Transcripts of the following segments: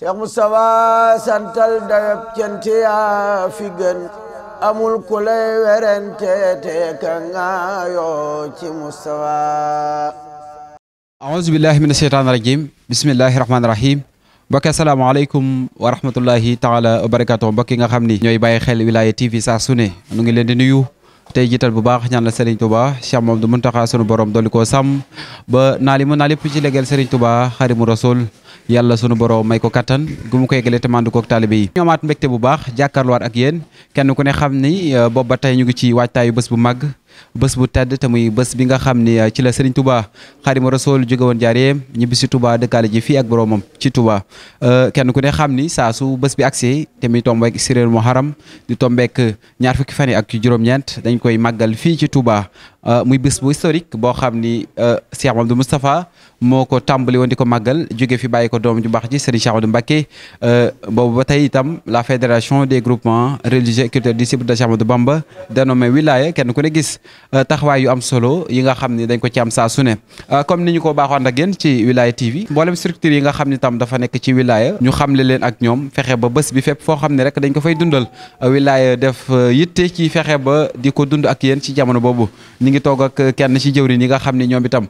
Seex Mustafa santal dayab cante yaa fi gën amul ku lay werante te ka ngaayoo ci Mustafa aouzu billahi min asheytaani rajim bismillahi rahmaani rahim mbokk asalaamaaleykum wa rahmatullahi taala wa barakaatu mbokk yi nga xam ni ñooy bàyyi xel Wilaya TV saa su ne nu ngi leen di nuyu tey jiital bu baax ñaan la Serigne Touba Cheikh Mamadou Mountakha sunu borom dolli koo sàmm ba naali mu naa lépp ci légeel Serigne Touba Xadimu Rasul yàlla sunu borom may ko kattan gu mu koy gëlee te mandu koog taalibe yi. ñoomaat mbégte bu baax jàkkaarloowaat ak yéen kenn ku ne xam ni eh, boobu ba tey ñu ngi ci waajtaayu bës bu mag. bés bu tedd te muy bés bi nga xam ni uh, ci la Serigne Touba Xaadimu Rasuul jóge woon jaar jaareem ñibbi si Touba dëkkaale ji fii ak boromam ci Touba uh, kenn ku ne xam ni saa su bés bi agsee te muy tombeek Siréer Muharram di tombeek uh, ñaar fukki fan ak juróom-ñeent dañ koy màggal fii ci Touba muy bës bu historique boo xam ni Cheikh Mamadou Moustapha moo ko tàmbali woon di ko màggal jóge fi bàyyi ko doom ju baax ji Serigne Cheikh Ahmadou euh, boobu ba tey itam la fédération des groupement religieux et di disciples de Cheikh Ahmadou Bamba dénommé wilaya kenn ku ne gis euh, taxawaay yu am solo yi nga xam ne dañ ko ci am saa su ne euh, comme ni ñu ko baaxoon ak yéen ci wilaya TV mboolem structure yi nga xam ne tam dafa nekk ci wilaya ñu xamle leen ak ñoom fexe ba bés bi fépp foo xam ne rek dañ ko fay dundal wilaya def yitte ci fexe ba di ko dund ak yéen ci jamono boobu ñu ngi toog ak kenn ci jëwriñ yi nga xam ne ñoom itam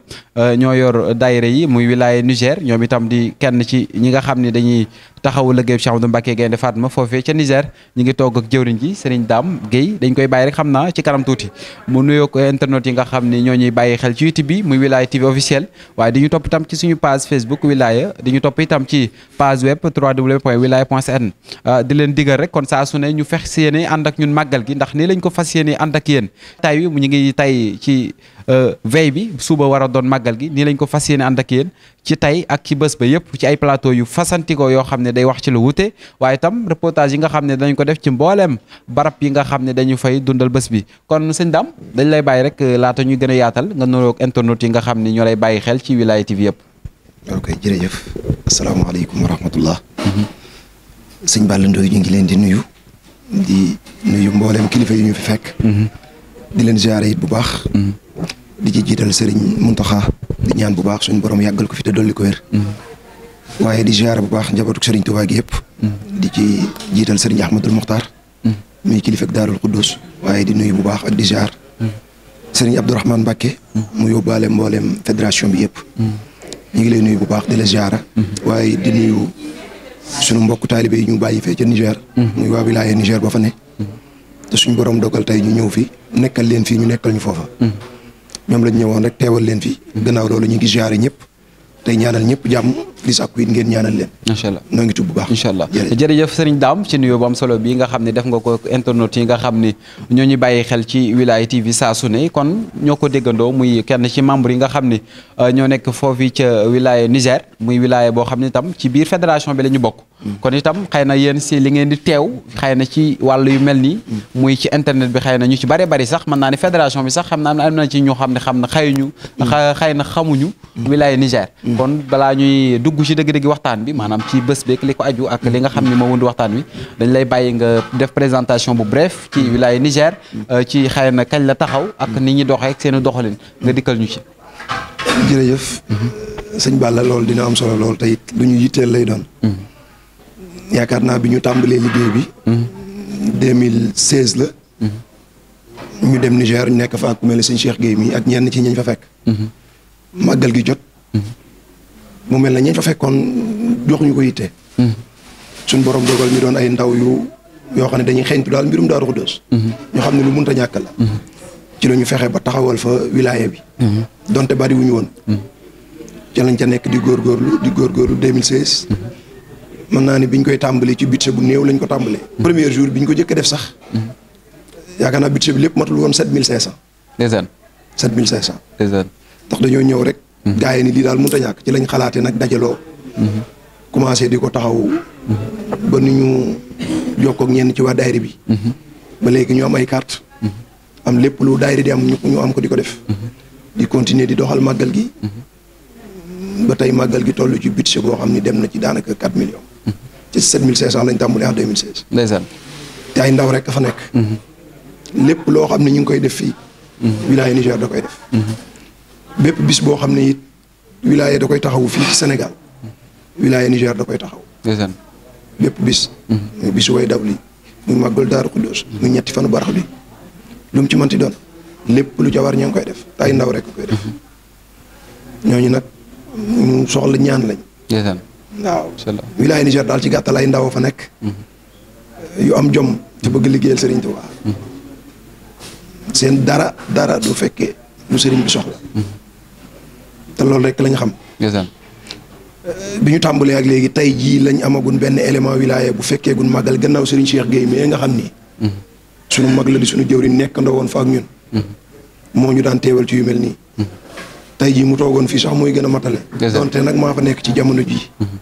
ñoo téere yi muy wilaaye Niger ñoom itam di kenn ci ñi nga xam ne dañuy taxawu liggéey Cheikh Amadou Mbacké Gaynde Fatma foofee ca Niger ñu ngi toog ak jëwriñ ji Serigne Dame Guèye dañ koy bàyyi rek xam naa ci kanam tuuti mu nuyoo ko internet yi nga xam ne ñoo ñuy bàyyi xel ci YouTube bi muy Wilaya TV officiel waaye di ñu topp itam ci suñu page Facebook Wilaya di ñu topp itam ci page web www.wilaya.sn ah, di leen digal rek kon saa su ne ñu fex si yéene ànd ak ñun màggal gi ndax nii lañ ko fas yéene ànd ak yéen tay wi ñu euh, bi suba war doon màggal gi nii lañ ko fas ak yéen ci tay ak ci bés ba yëpp ci ay yoo xam ne ne day wax ci lu wute waaye itam reportage yi nga xam ne dañ ko def ci mbooleem barab yi nga xam ne dañu fay dundal bés bi kon sëñ Dame dañ lay bàyyi rek euh, laata ñu gën yaatal nga nuroog internet yi nga xam ne ñoo bàyyi xel ci Wilaya TV yëpp ok jërëjëf asalaamaaleykum wa rahmatullah mhm. sëñ Balla Ndoye ñu ngi leen di nuyu di nuyu mbooleem kilifa yu ñu fi fekk mhm. di leen ziare it bu baax mhm. di ci jiital sëriñ Muntaxa di ñaan bu baax suñu borom yàggal ko fi dolli ko wér waaye di ziar bu baax njabootu Serigne Touba gi yëpp. di ci jiital Serigne Ahmadul Mokhtar. muy kilifa ak Daarul Quddus waaye di nuyu bu baax ak di ziar. Serigne Abdourahmane Mbacke. mu yóbbaale mboolem fédération bi yëpp. ñu ngi lay nuyu bu baax di la ziara. waaye di nuyu sunu mbokk taalibe yi ñu bàyyi fee ca Niger. muy waa wilaaye Niger ba fa ne. te suñu borom dogal tey ñu ñëw fi nekkal leen fi ñu nekkal ñu foofa. ñoom lañ ñëwoon rek teewal leen fi. gannaaw ñu ngi ziare ñëpp. tey ñaanal ñëpp li sàkku it ngeen ñaanal leen incha allah noo ngi tub bu baax incha allah jërëjëf sëriñ daam ci nuyoo bu solo bi nga xam ne def nga ko internet yi nga xam ni ñoo ñu bàyyi xel ci Wilaya TV saa su ne kon ñoo ko déggandoo muy kenn ci membre yi nga xam ne euh, ñoo nekk foofu ca Wilaya Niger muy Wilaya boo xam ne tam ci biir fédération bi la ñu bokk kon itam xëy na yéen si li ngeen di teew xëy na ci wàll yu mel nii muy ci internet bi xëy na ñu ci bare bari sax mën naa ne fédération bi sax xam naa am na ci ñoo xam ne xam na xayuñu xëy na xamuñu wilaya Niger kon balaa ñuy dugg ci dëgg-dëgg waxtaan bi maanaam ci bés beeg li ko aju ak li nga xam ne moo wënd waxtaan wi dañ lay bàyyi nga def présentation bu bref ci wilaya Niger euh, ci xëy na kañ la taxaw ak ni ñuy doxee ak seen doxalin nga dikkal ñu ci jërëjëf mhm. sëñ Balla loolu dina am solo loolu te lu ñu yitteel lay doon mhm. yaakaar naa bi ñu tàmbalee liggéey bi. 2016 hmm. la. Hmm. ñu dem Niger nekk fa ak mel ne sëñ Cheikh Gueye mii ak ñenn ci ñañ fa fekk. Hmm. màggal gi jot. mu mel na ñañ fa fekkoon joxuñu ko yitte. suñ borom dogal ñu doon ay ndaw yu yoo xam ne dañuy xeeñtu daal mbirum Daaru Xudoos. ñu xam ne lu munta ñàkk la. ci la ñu fexe ba taxawal fa wilaya bi. donte bariwuñu wuñu woon. ci lañ ca nekk di góor góorgóorlu di góorgóorlu 2016. mën naa ne biñ koy tàmbali ci budget bu néew lañ ko tàmbalee. Mm-hmm. premier jour biñ ko jëkk def sax. Mm-hmm. yaakaar naa budget bi lépp matul woon sept mille cinq cent. ndeysaan. sept mille cinq cent. ndeysaan. ndax dañoo ñëw rek. Mm-hmm. gaa yi ni lii daal mënut a ñàkk ci lañ xalaatee nag dajaloo. commencé di ko taxaw. ba nu ñu jokkoo ak ñenn ci waa daayri bi. ba léegi ñu am ay carte am lépp lu daayri di am ñu am ko di ko def. di continuer di doxal màggal gi. ba tey màggal gi toll ci budget boo xam ni dem na ci daanaka 4 millions. ci 7500 lañ tàmbalee en 2016. ndeysaan. te ay ndaw rek a fa nekk. Mhm. lépp loo xam ne ñu ngi koy def fii. Mhm. wilaya Niger da koy def. Mhm. bépp bis boo xam ne it wilaya da koy taxawu fii ci Sénégal. wilaya Niger da koy taxaw. bépp bis. muy bisu way daw lii. muy màggal Daaru Xuddoos. muy ñetti fanu barax bi. lu mu ci mënti doon. lépp lu jawar ña ngi koy def te ay ndaw rek koy def. ñooñu nag ñu soxla ñaan lañ. waaw wilaay Niger daal ci gàttal ay ndaw fa nekk mm-hmm. yu am jom ci bëgg liggéeyal sëriñ Tuubaa mm-hmm. seen dara dara du fekkee lu sëriñ bi soxla mm-hmm. te loolu rek lañ xam bi ñu tàmbalee ak léegi tey jii lañ amagun benn élément wilaya bu fekkee gun màggal gannaaw sëriñ Cheikh Gueye mais nga xam ni sunu mag la di sunu jëwriñ nekkandoo woon fa ak ñun moo ñu daan teewal ci yu mel nii tey jii mu toogoon fii sax mooy gën a matale donte nag maa fa nekk ci jamono jii mm-hmm.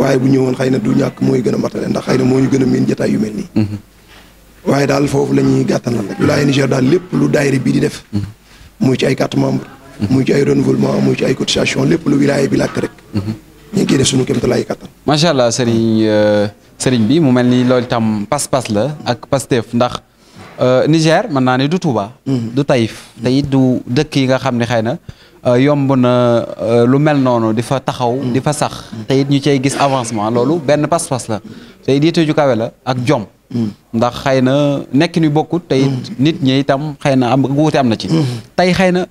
waaye bu ñëwoon xëy na du ñàkk mooy gën a matale ndax xëy moo ñu gën a miin jataay yu mel nii mm-hmm. waaye daal foofu la ñuy gàttanal rek Wilaya Niger daal lépp lu daayira bi di def mm-hmm. muy ci ay carte membre muy ci ay renouvellement muy ci ay cotisation lépp lu wilaya bi làkk rek ñu ngi koy def suñu kéemtalaay kattan macha allah sëriñ euh, sëriñ bi mu mel ni loolu tam pas-pas la ak Pastef ndax Euh, Niger mën naa ne du Touba. Mhm. du Taïf te du dëkk yi nga xam ne xëy na euh, yomb na euh, lu mel noonu di fa taxaw. Mhm. di fa sax te it ñu cay gis avancement loolu benn pas-pas la te it yitte ju kawe la ak jom. Mhm. ndax xëy na nekk ni bokkut tey nit ñi itam xëy na am wuute am na ci tey xëy na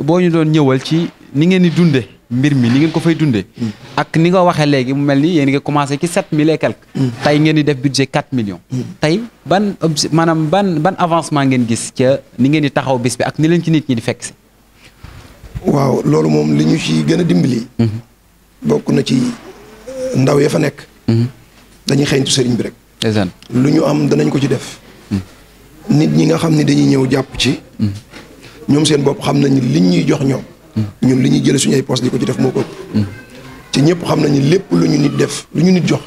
boo ñu doon ñëwal ci ni ngeen di dunde mbir mi ni ngeen ko fay dundee. ak ni nga waxee léegi mu mel ni yéen nga ngi commencé ci sept mille et quelque. tey ngeen di def budget quatre millions. tey ban obje maanaam ban ban avancement ngeen gis ca ni ngeen di taxaw bis bi ak ni leen ci nit ñi di fekk si. loolu moom li ci gën a dimbali. Mhm. bokk na ci euh, ndaw ya fa nekk. Mhm. dañuy xeeñtu sëriñ bi rek. lu ñu am danañ ko ci def. Mhm. nit ñi nga xam ni dañuy ñëw jàpp ci. ñoom seen bopp xam nañ liñ ñuy jox ñoom. ñoom li ñuy jëlee suñu ay poste di ko ci def moo ko ëpp ci ñëpp xam nañu lépp lu ñu nit def lu ñu nit jox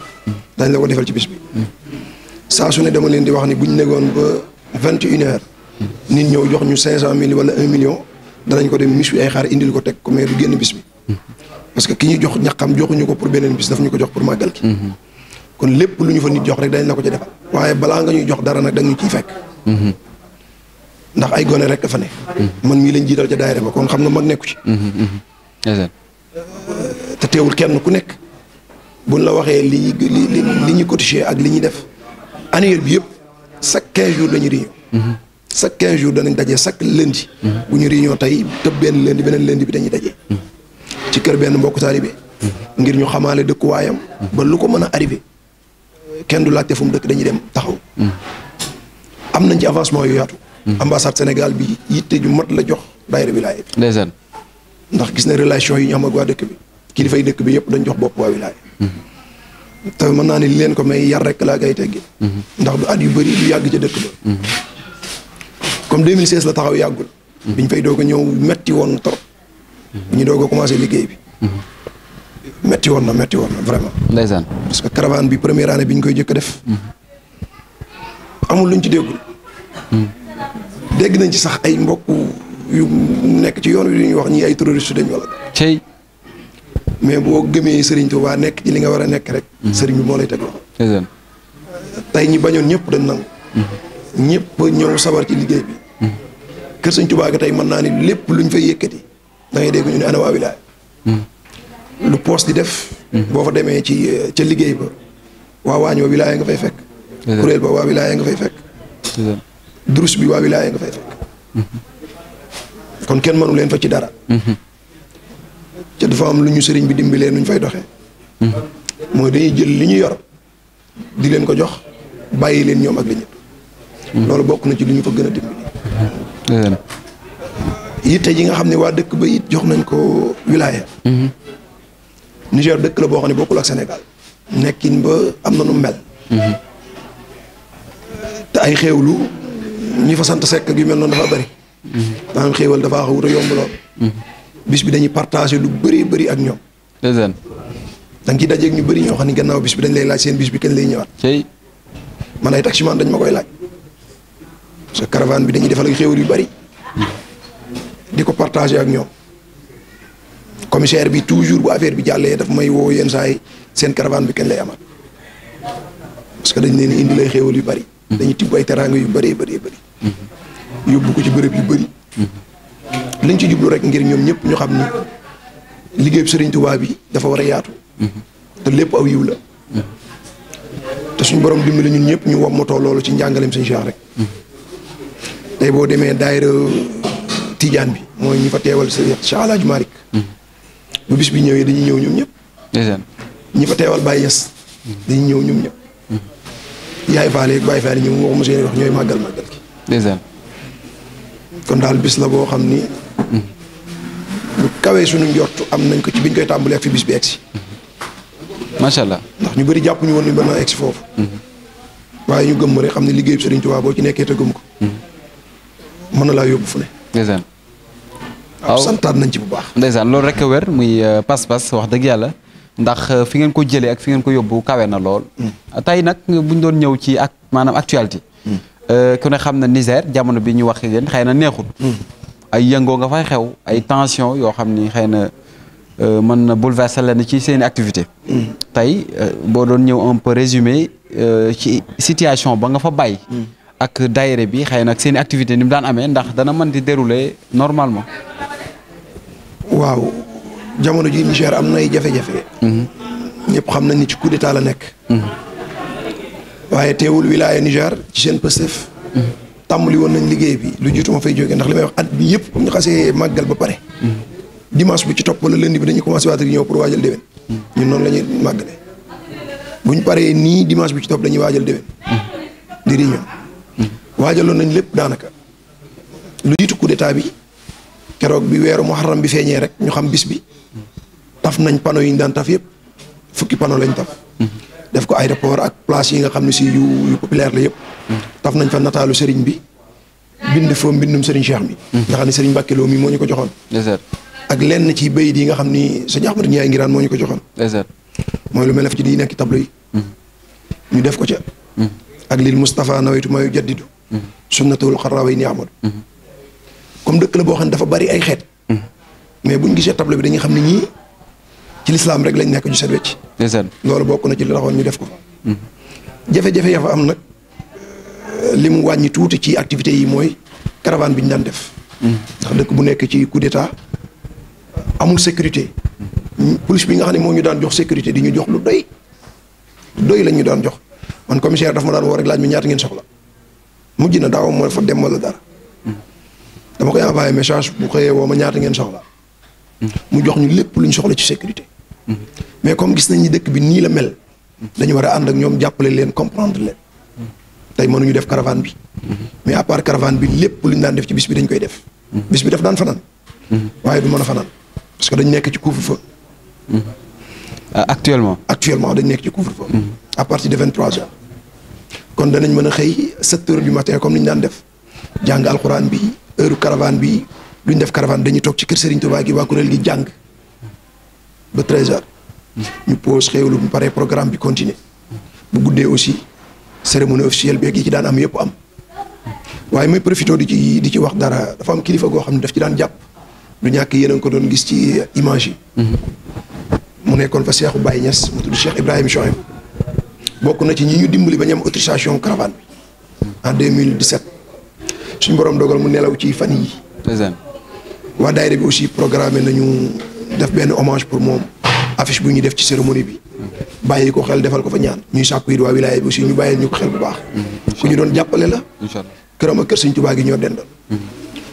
dañ la ko defal ci bis bi saa su ne dama leen di wax ni bu ñu negoon ba vingt et une heures nit ñëw jox ñu cinq cent mille wala un million danañ ko dem mis wi ay xaar indil ko teg ko mais du génn bis bi parce que ki ñu jox xam joxuñu ko pour beneen bis daf ñu ko jox pour màggal ki kon lépp lu ñu fa nit jox rek dañ la ko ci defal waaye balaa nga ñuy jox dara nag da ñu ciy fekk ndax ay gone rek fa ne. man mii lañ jiital ca daayira ba kon xam nga mag nekku ci. Mm-hmm, mm-hmm. Euh, te teewul kenn ku nekk bu buñ la waxee li li li ñu cotiser ak li ñuy def annuaire bi yëpp chaque 15 jours la ñu réunion. Mm-hmm. chaque jours danañ daje chaque lundi. bu ñu réunion tey tëb benn lundi beneen lundi bi dañuy daje. ci kër benn mbokk taalibe ngir ñu xamaale dëkkuwaayam. ba lu ko mën a arrivé kenn du laajte fu mu dëkk dañuy dem taxaw. am nañ ci avancement yu yaatu. Mm-hmm. ambassade Sénégal bi yitte ju mat la jox daayira wilaaya bi. ndeysaan. ndax gis na relation yi ñu am ak waa dëkk bi kilifay dëkk bi yëpp dañ jox bopp waa wilaaya. Mm-hmm. te mën naa ne li leen ko may yar rek laa koy teggi mm-hmm. ndax du at yu bëri du yàgg ca dëkk ba. comme 2016 la taxaw yàggul. biñ fay doog a ñëw metti woon trop. ñu doog a commencé liggéey bi. metti woon na metti woon na vraiment. ndeysaan. parce que caravane bi première année bi ñu koy jëkka def. amul luñ ci déggul. dégg nañ ci sax ay mbokk yu nekk ci yoon wi yu wax ñii ay terroriste dañ wala. cey. mais boo gëmee Serigne waa nekk ci li nga war a nekk rek. Mhm. Serigne bi moo lay teg loxo. tey ñi bañoon ñëpp dañ nangu. Mhm. ñëpp ñëw ci liggéey bi. Mhm. kër Serigne Touba tey mën naa ni lépp luñ fay yëkkati da ngay dégg ñu ne ana waa lu poos di def. boo fa demee ci ca liggéey ba waa waañ wa wilaay nga fay fekk. kuréel ba waa wilaay nga fay fekk. durus bi waa wilaaya nga fay fekk kon kenn mënu leen fa ci dara ca dafa am lu ñu sëriñ bi dimbalee nu ñu fay doxee mooy dañuy jël li ñu yor di leen ko jox bàyyi leen ñoom ak li ñu loolu bokk na ci li ñu fa gën a dimbali yi nga xam ne waa dëkk ba jox nañ ko wilaaya mhm. Niger dëkk la boo xam ne bokkul ak senegal nekkin ba am na nu mel mhm. te ay xéewlu ñu fa sant sekk gi mel noonu dafa bëri. maanaam xéewal dafa xaw a yomb lool. bis bi dañuy partagé lu bëri bëri ak ñoom. dëgg da nga ñu bari ñoo xam ne gannaaw bis bi dañ lay laaj seen bis bi kañ lay ñëwaat. tey man ay taximan dañ ma koy laaj. parce que caravane bi dañuy defal ak xéewal yu bari di ko partagé ak ñoom. commissaire bi toujours bu affaire bi jàllee daf may woo yenn saa yi seen caravane bi kenn lay amaat. parce que dañ leen indi lay xéewal yu bëri. Hmm. dañuy tibb ay yu bëree bëri bëri. yóbbu ko ci bërëb yu bëri liñ ci jublu rek ngir ñoom ñëpp ñu xam ni liggéeyu Sëriñ tubaab yi dafa war a yaatu te lépp aw yiw la te suñu borom dimbali ñun ñëpp ñu wammatoo loolu ci njàngaleem Sëriñ Cheikh rek tey boo demee daayira Tijaan bi mooy ñu fa teewal Sëriñ Cheikh Alaaji bi ñëwee dañuy ñëw ñoom ñëpp ñi fa teewal Baye Niass ñëw ñoom ñëpp yaay faale ak Baye faale ñoom waxuma seen wax ñooy màggal màggal gi ndeysaan kon daal bis la boo xam ni. lu kawee suñu njort am nañ ko ci biñ koy tàmbalee ak fi bis bi egsi. macha allah ndax ñu bari jàpp ñu woon ni naa egsi foofu. Mhm. waaye ñu gëm rek xam ne liggéey bi Serigne Touba boo ci nekkee te gëm ko. Mhm. mën na laa yóbbu fu ne. ndeysaan. santaat nañ ci bu baax. ndeysaan loolu rek a wér muy euh, pas-pas wax dëgg yàlla. ndax euh, fi ngeen ko jëlee ak fi ngeen ko yóbbu kawe na lool. Mm. tey nag buñ doon ñëw ci ak maanaam actualité. Mm. Euh, kon ne xam na Niger jamono bi ñu wax yéen xëy na neexut hmm. ay yëngoo nga fay xew ay tension yoo xam ni xëy na euh, mën na bouleverser leen ci seen activité hmm. tey euh, boo doon ñëw un peu résumé ci situation ba nga fa bàyyi. Hmm. ak daayira bi xëy na ak seen activité ni mu daan amee ndax dana mën di dérouler normalement. waaw jamono ji Niger am na ay jafe-jafe. ñëpp xam nañ ni ci coup d'état la nekk. waaye teewul wilaya Niger ci seen Pastef tàmbali woon nañ liggéey bi lu jiitu ma fay jógee ndax li may wax at bi yëpp bu ñu xasee màggal ba pare dimanche bu ci topp wala lundi bi dañuy commencé waat ak ñëw pour waajal déwén ñu noonu la ñuy màggale buñ paree nii dimanche bi ci topp dañuy waajal déwén di réunion waajaloon nañ lépp daanaka lu jiitu coup d'état bi keroog bi weeru muharram bi feeñee rek ñu xam bis bi taf nañ pano yi ñu daan taf yëpp fukki pano lañ taf def ko aéroport ak place yi nga xam ne si yu yu populaire la yëpp. taf nañ fa nataalu sëriñ bi bind fa mbindum sëriñ Cheikh mi. nga xam ne sëriñ Mbàkke mi moo ñu ko joxoon. ak lenn yi nga xam ni sëñ Ahmadu Njaay Ngiraan moo ñu ko joxoon. mooy lu mel ne di nekk ci tableau yi. ñu def ko ca. ak lil Moustapha nawaytu mayu jaddidu. sunnatul xarraway ni Ahmadu. comme dëkk la boo xam ne dafa bari ay xeet. Mm-hmm. mais buñ gisee tableau bi dañuy xam ne ñii. ci lislaam rek lañ nekk ñu seet wecc loolu bokk na ci li taxoon ñu def ko mhm. jafe-jafe ya fa am nag euh, li mu wàññi tuuti ci activité yi mooy caravane bi ñu daan def mhm. ndax dëkk bu nekk ci coup d'état amul sécurité mhm. police bi nga xam ne moo ñu daan jox sécurité di ñu jox lu doy doy lañ ñu daan jox man commissaire daf ma daan woo rek laaj ñaata ngeen soxla mujj na daaw moo fa dem wala dara dama koy envoyé message bu xëyee woo ma ñaata ngeen soxla mu jox ñu lépp lu ñu soxla ci sécurité mais comme gis nañ ni dëkk bi nii la mel. dañu war a ànd ak ñoom jàppale leen comprendre leen. tey mënuñu def caravane bi. mais à part bi lépp lu ñu daan def ci bis bi dañ koy def. bis bi daf daan fanaan. waaye du mën a fanaan parce dañ nekk ci couvre-feu. Ah, actuellement. actuellement dañ nekk ci couvre-feu. à partir de 23 heures. kon danañ mën a xëy 7 heures du matin comme ni ñu daan def jàng alxuraan bi heure caravane bi lu ñu def caravane dañuy toog ci kër Serigne Touba gi waa kuréel gi jàng. ba treize heures ñu pause xéwlu bu pare programme bi continuer bu guddee aussi cérémonie officielle beeg yi ci daan am yëpp am waaye may profité di ci di ci wax dara dafa am kilifa goo xam ne daf ci daan jàpp du ñàkk yéen a ko doon gis ci image yi. mu nekkoon fa Cheikhou Baye ñas mu tudd Cheikh Ibrahim Choyem bokk na ci ñi ñu dimbali ba ñu am autorisation caravane bi en 2017 suñu borom dogal mu nelaw ci fan yi waa daayira bi aussi programmé nañu. def benn hommage pour moom affiche bu ñu def ci cérémonie bi bàyyi ko xel defal ko fa ñaan ñuy sàkku it waa wilaaya bi aussi ñu bàyyil ñu ko xel bu baax ku ñu doon jàppale la këram ak kër sëñ Tuubaa gi ñoo dendal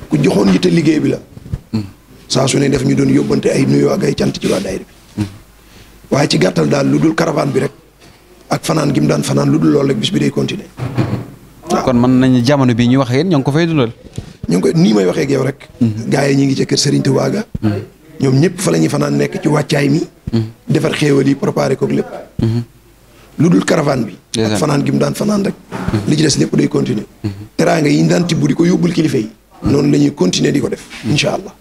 ku joxoon te liggéey bi la saa su ne def ñu doon yóbbante ay nuyoo ak ay cant ci waa daayira bi waaye ci gàttal daal lu dul caravane bi rek ak fanaan gi mu daan fanaan lu dul lool rek bis bi day continuer kon mën nañu jamono bii ñu wax yéen ñoo ngi ko fay dundal. ñoo ko koy nii may waxee ak rek. Mm-hmm. gaa yi ñu ngi ca kër Serigne Touba ga mm-hmm. ñoom ñëpp fa la ñuy fanaan nekk ci wàccaay mi. Mm-hmm. defar xéewal yi préparé kook lépp. Mm-hmm. lu dul caravane bi. ak fanaan gi mu daan fanaan rek. Mm-hmm. li ci des lépp day continuer. teraanga yi ñu daan tibb di ko yóbbul kilifa yi. noonu la ñuy continuer di ko def. incha allah.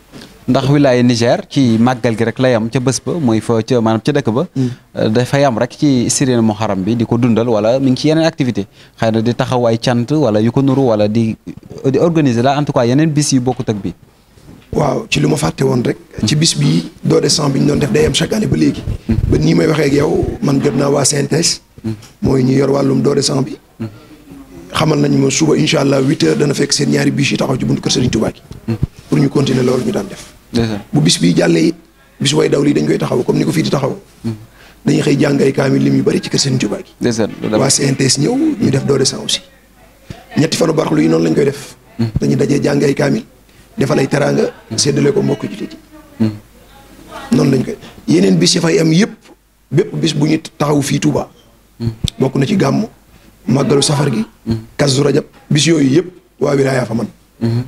ndax wilaaye Niger ci màggal gi rek lay am ca bés ba mooy fa ca maanaam ca dëkk ba. Mm. Euh, dafay am rek ci sireen xaram bi di ko dundal wala mi ngi ci yeneen activité xëy na di taxawaay ay cant wala yu ko nuru wala di di organiser la en tout bis yu bokkut ak bi waaw ci lu ma fàtte woon rek. ci bis bii doo décembre bi ñu doon def day am chaque année ba léegi. ba nii may waxee ak yow man jot naa waa CNTS. mooy ñu yor wàllum doo décembre bi. xamal nañu ma suba incha allah huit heures dana fekk seen ñaari bus yi taxaw ci buntu kër Serigne Touba gi. pour ñu continuer loolu ñu daan def. bu bis bii jàllee it bis way daw lii dañ koy taxaw comme ni ko fii di taxaw. dañuy xëy jàng ay kaamil lim yu bari ci kër Serigne Touba gi. waa CNTS ñëw ñu def doo décembre aussi. ñetti fanu baraxlu yi noonu lañ koy def. Hmm. dañuy dajee jàng ay kaamil defal ay teraanga séddale ko mbokk jullit yi noonu lañ koy yeneen bis yi am yëpp bépp bis bu ñu taxaw fii Touba bokk na ci gàmm màggalu safar gi kazu rajab bis yooyu yëpp waa wilaaya fa man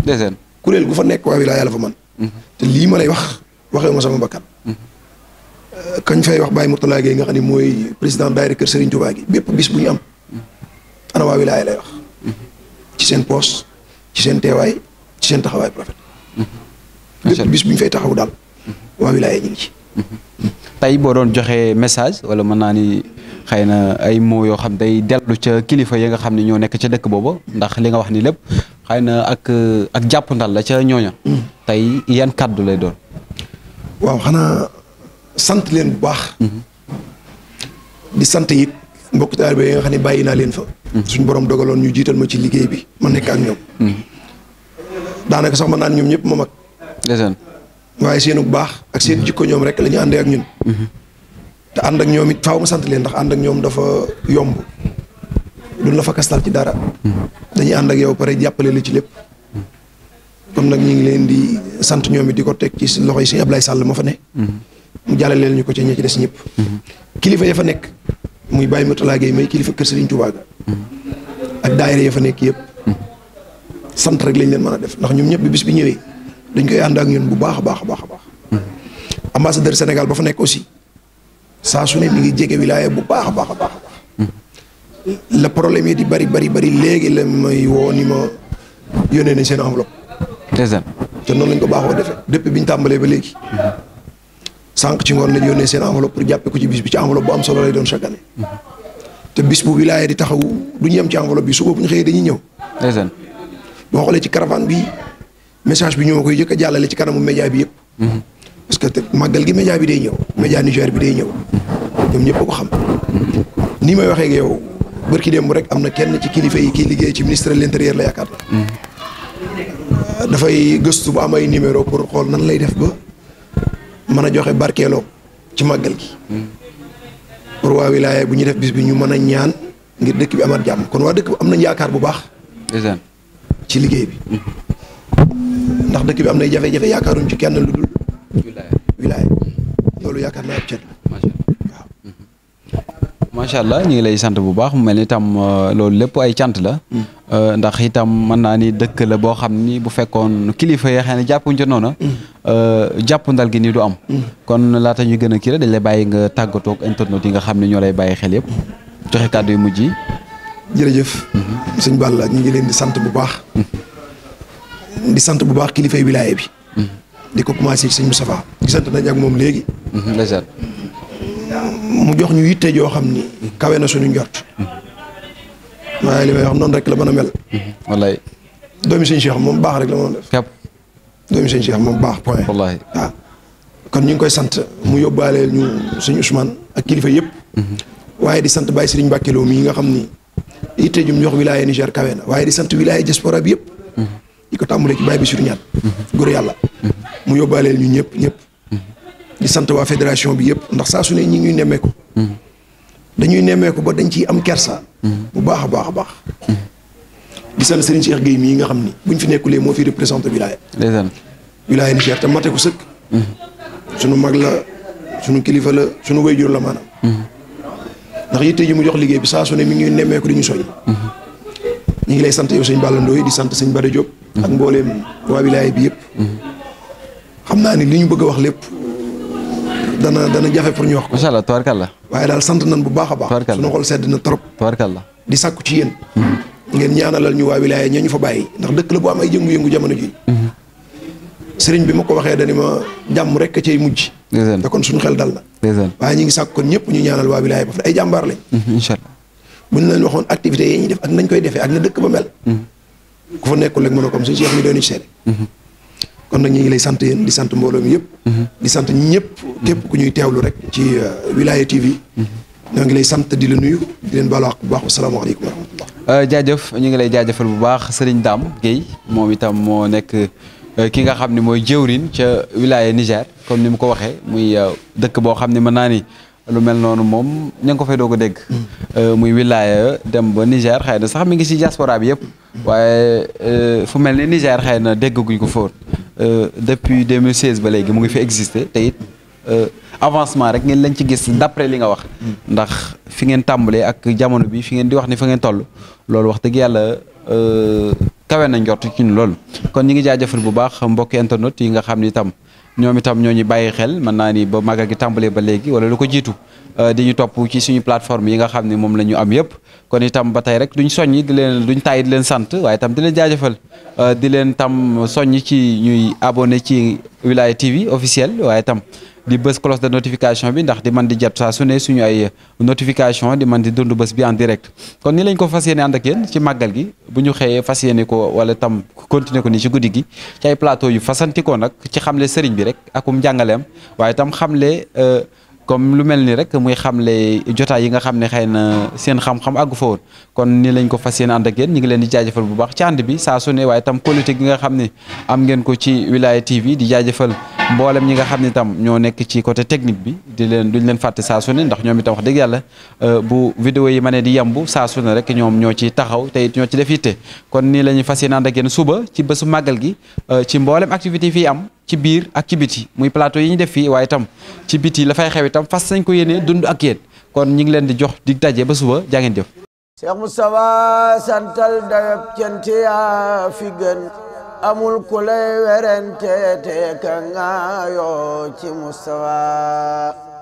deseen kuréel gu fa nekk waa wilaaya la fa man te lii ma lay wax waxewu ma sama bakkat kañ fay wax Baye Mourtala Gueye nga xam ne mooy président daayira kër Serigne Touba gi bépp bis bu ñu am ana waa wilaaya lay wax ci seen poos ci seen teewaay ci seen taxawaay bu rafet. lépp bis bu ñu taxaw daal. waa wilaaya ñu ngi ci. boo doon joxee message wala mën naa ni xëy na ay mots yoo xam day dellu ca kilifa yi nga xam ne ñoo nekk ca dëkk booba ndax li nga wax ni lépp xay na ak ak jàppandal la ca ñooña. tey yan kàddu lay doon. waaw sant leen bu baax. di sant it mbokk taalibe yi nga xam ne bàyyi naa leen fa. Mm-hmm. suñu borom dogaloon ñu jiital ma ci liggéey bi ma nekk ak ñoom. Mm-hmm. daanaka sax mën naan ñoom ñëpp ma mag. ndeysaan. waaye seenu baax ak seen mm-hmm. jikko ñoom rek la ñu àndee ak ñun. Mm-hmm. te ànd ak ñoom it faaw ma sant leen ndax ànd ak ñoom dafa yomb. duñ la fa kastal ci dara. Mm-hmm. dañuy ànd ak yow pare jàppale la ci lépp. kon nag ñu ngi leen di sant ñoom it di ko teg ci loxo yi sëñ Ablaye sàll ma fa ne. mu jàllaleel ñu ko ci ñi ci des ñëpp. kilifa ya fa nekk muy Baye Matalaay Guèye may kilifa kër Serigne Touba ga. ak daayira ya fa nekk yëpp. sant rek lañ leen mën a def ndax ñoom ñëpp bi bis bi ñëwee dañ koy ànd ak ñun bu baax a baax a baax a baax. ambassadeur Sénégal ba fa nekk aussi saa su ne mi ngi jege wilaya bu baax a baax a baax. le problème yi di bari bari bari léegi la may woo ni ma yónnee nañ seen enveloppe. ndeysaan. te noonu lañ ko baaxoo defee depuis biñ tàmbalee ba léegi. sànq ci ngoon lañ yónnee seen enveloppe pour jàppee ko ci bis bi ci enveloppe bu am solo lay doon chaque année. te bis bu wilaya di taxaw du ñu yem ci bi suba ñu xëyee dañuy ñëw. ndeysaan. boo xoolee ci caravane bi message bi ñoo koy jëkk a jàllale ci kanamu média bi yëpp. Mhm. parce que te màggal gi média bi day ñëw. média Niger bi day ñëw. ñoom ñëpp ko xam. ni may waxee ak yow barki démb rek am na kenn ci kilifa yi kiy liggéey ci ministre de l'intérieur la yaakaar la. Mhm. Euh, dafay gëstu bu am ay numéro pour xool nan lay def ba mën a joxe barkeeloo ci màggal gi. Mhm. pour waa wilaaya bu ñu def bis bi ñu mën a ñaan ngir dëkk bi amaat jàmm kon waa dëkk bi am nañ yaakaar bu baax. ci liggéey bi ndax dëkk bi am nay jafe-jafe yaakaaruñ ci kenn lu dul wilaaya loolu yaakaar naa ab cër la allah ñu ngi lay sant bu baax mu mel ni tam euh, loolu lépp ay cant la hmm. euh, ndax itam mën naa ni dëkk la boo xam ni bu fekkoon kilifa yi xay ne jàpp ca noona hmm. euh, jàpp ndal gi nii du am hmm. kon laata ñu gën a kii dañ lay bàyyi nga tàggatoo ak internet yi nga xam ne ñoo lay bàyyi xel yëpp joxe kàddu mujj yi jërëjëf. sëñ Balla ñu ngi leen di sant bu baax. di sant bu baax kilifay wilaya bi. di ko commencé ci sëñ Moustapha. di sant nañ ak moom léegi. ndeysaan. mu jox ñu yitte joo xam ni. kawe na suñu njort. waaye li may wax noonu rek la mën a mel. wallaay. doomi sëñ Cheikh moom baax rek la mën a def. képp moom baax point. kon ñu ngi koy sant mu yóbbaaleel ñu sëñ Ousmane ak kilifa yëpp. Mhm. waaye di sant Baye suñ Mbacke Lo mii nga xam ni. yitte jum ñox wilaya Niger kawe na waaye di sant wilaya diaspora bi yëpp di ko tàmbalee ci bàyyi bi sur ñaan góor yàlla mu yóbbaaleel ñu ñëpp ñëpp di sant waa fédération bi yëpp ndax saa su ne ñi ñuy nemmeeku dañuy nemmeeku ba dañ ciy am kersa bu baax a baax a baax di sant Serigne Cheikh Gueye mii nga xam ni buñ fi nekkulee moo fi représenté wilaya wilaya Niger te mate ko sëkk sunu mag la sunu kilifa la sunu wayjur la maanaam ndax yitte ji mu jox liggéey bi saa su ne mi ngi nemmeeku di ñu soñ mhm. ñu ngi lay sant yow sëñ Balla di sant sëñ Bada Diop ak mhm. mbooleem waa bi yëpp mhm. xam naa ni li ñu bëgg a wax lépp dana dana jafe pour ñu wax ko. macha allah tubaarkàlla waaye daal sant nañ bu baax a baax. tubaarkàlla sunu xol sedd na trop. tubaarkàlla di sàkku ci yéen. ngeen ñaanalal ñu waa wilaaya ña ñu fa bàyyi. ndax dëkk la bu am ay yëngu-yëngu jamono ji sëriñ bi ma ko waxee dani ma jàmm rek a cay mujj. te kon suñu xel dal na. waaye ñu ngi sàkk kon ñëpp ñu ñaanal waa wilaaya ba ay jàmbaar lañ. Mm-hmm, incha allah buñ waxoon activités yi ñuy koy defee ak na dëkk ba mel. Mm-hmm. ku fa nekkul rek mën a mm-hmm. kon nag ñu ngi lay sant yéen di sant mbooloo mi yëpp. di sant ñëpp. képp ku ñuy teewlu rek ci euh, Wilaya TV. ñoo ngi lay sant di la nuyu di leen baal wax bu baax asalaamaaleykum wa rahmatullah. Euh, ñu ngi lay jaajëfal bu baax Serigne Dame Guèye moom itam moo nekk. Euh, ki nga xam ni mooy jëwrin ca wilaya Niger comme ni mu ko waxee muy euh, dëkk boo xam ne mën naa ni lu mel noonu moom ña ngi ko fay doog a dégg. Mm. Euh, muy wilaya dem ba Niger xëy na sax mi ngi si diaspora bi yëpp. waaye fu mel ni Niger xëy na déggaguñ ko fóot depuis 2016 ba léegi mu ngi fi existé te it avancement rek ngeen lañ ci gis d'après li nga wax. Mm. ndax fi ngeen tàmbalee ak jamono bi fi ngeen di wax ni fa ngeen toll loolu wax dëgg yàlla. kawe na njort ci ñu lool kon ñu ngi jaajëfal bu baax mbokki internet yi nga xam ni itam ñoom itam ñoo ñu bàyyi xel mën naa ni ba magal gi tàmbalee ba léegi wala lu ko jiitu euh, di ñu topp ci suñu plateforme yi nga xam ne moom la ñu am yëpp kon itam ba tey rek ñu soññ di leen duñ tàyyi di leen sant waaye itam di leen jaajëfal euh, di leen tam soññ ci ñuy abonné ci Wilaya TV officiel waaye itam di bës cloche de notification bi ndax di man di jot saa su suñu ay notification di man di dund bës bi en direct kon ni lañ ko fas yéene ànd ak yéen ci màggal gi bu ñu xëyee fas yéene wala tam continuer ko ni ci guddi gi ci plateau yu fasantikoo nag ci xamle sëriñ bi rek akum njàngaleem waaye tam xamle euh, comme lu mel ni rek muy xamle jotaay yi nga xam ne xëy na seen xam-xam àggu fa woon kon ni lañ ko fas yéene ànd ak yéen ñu ngi leen di jaajëfal bu baax ci ànd bi saa su waaye tam politique gi nga xam ne am ngeen ko ci Wilaya TV di jaajëfal mboolem ñi nga xam ne tam ñoo nekk ci côté technique bi duñ leen fàtte saa ndax ñoom itam wax yàlla euh, bu vidéo yi ma ne di yemb saa su ne rek ñoom ñoo ci taxaw te it ñoo ci def yitte kon nii la ñuy fas yéene suba ci bésu màggal gi euh, ci mboolem activité fii am ci biir ak ci biti muy plateau yi ñu def fi waaye itam ci biti la fay xew itam fas nañ ko yéenee dund ak yéen kon ñi ngi leen di jox dig daje ba suba jaa ngeen jëf. Cheikh Moustapha amul ku lay werante te ka nga yoo ci Mustafa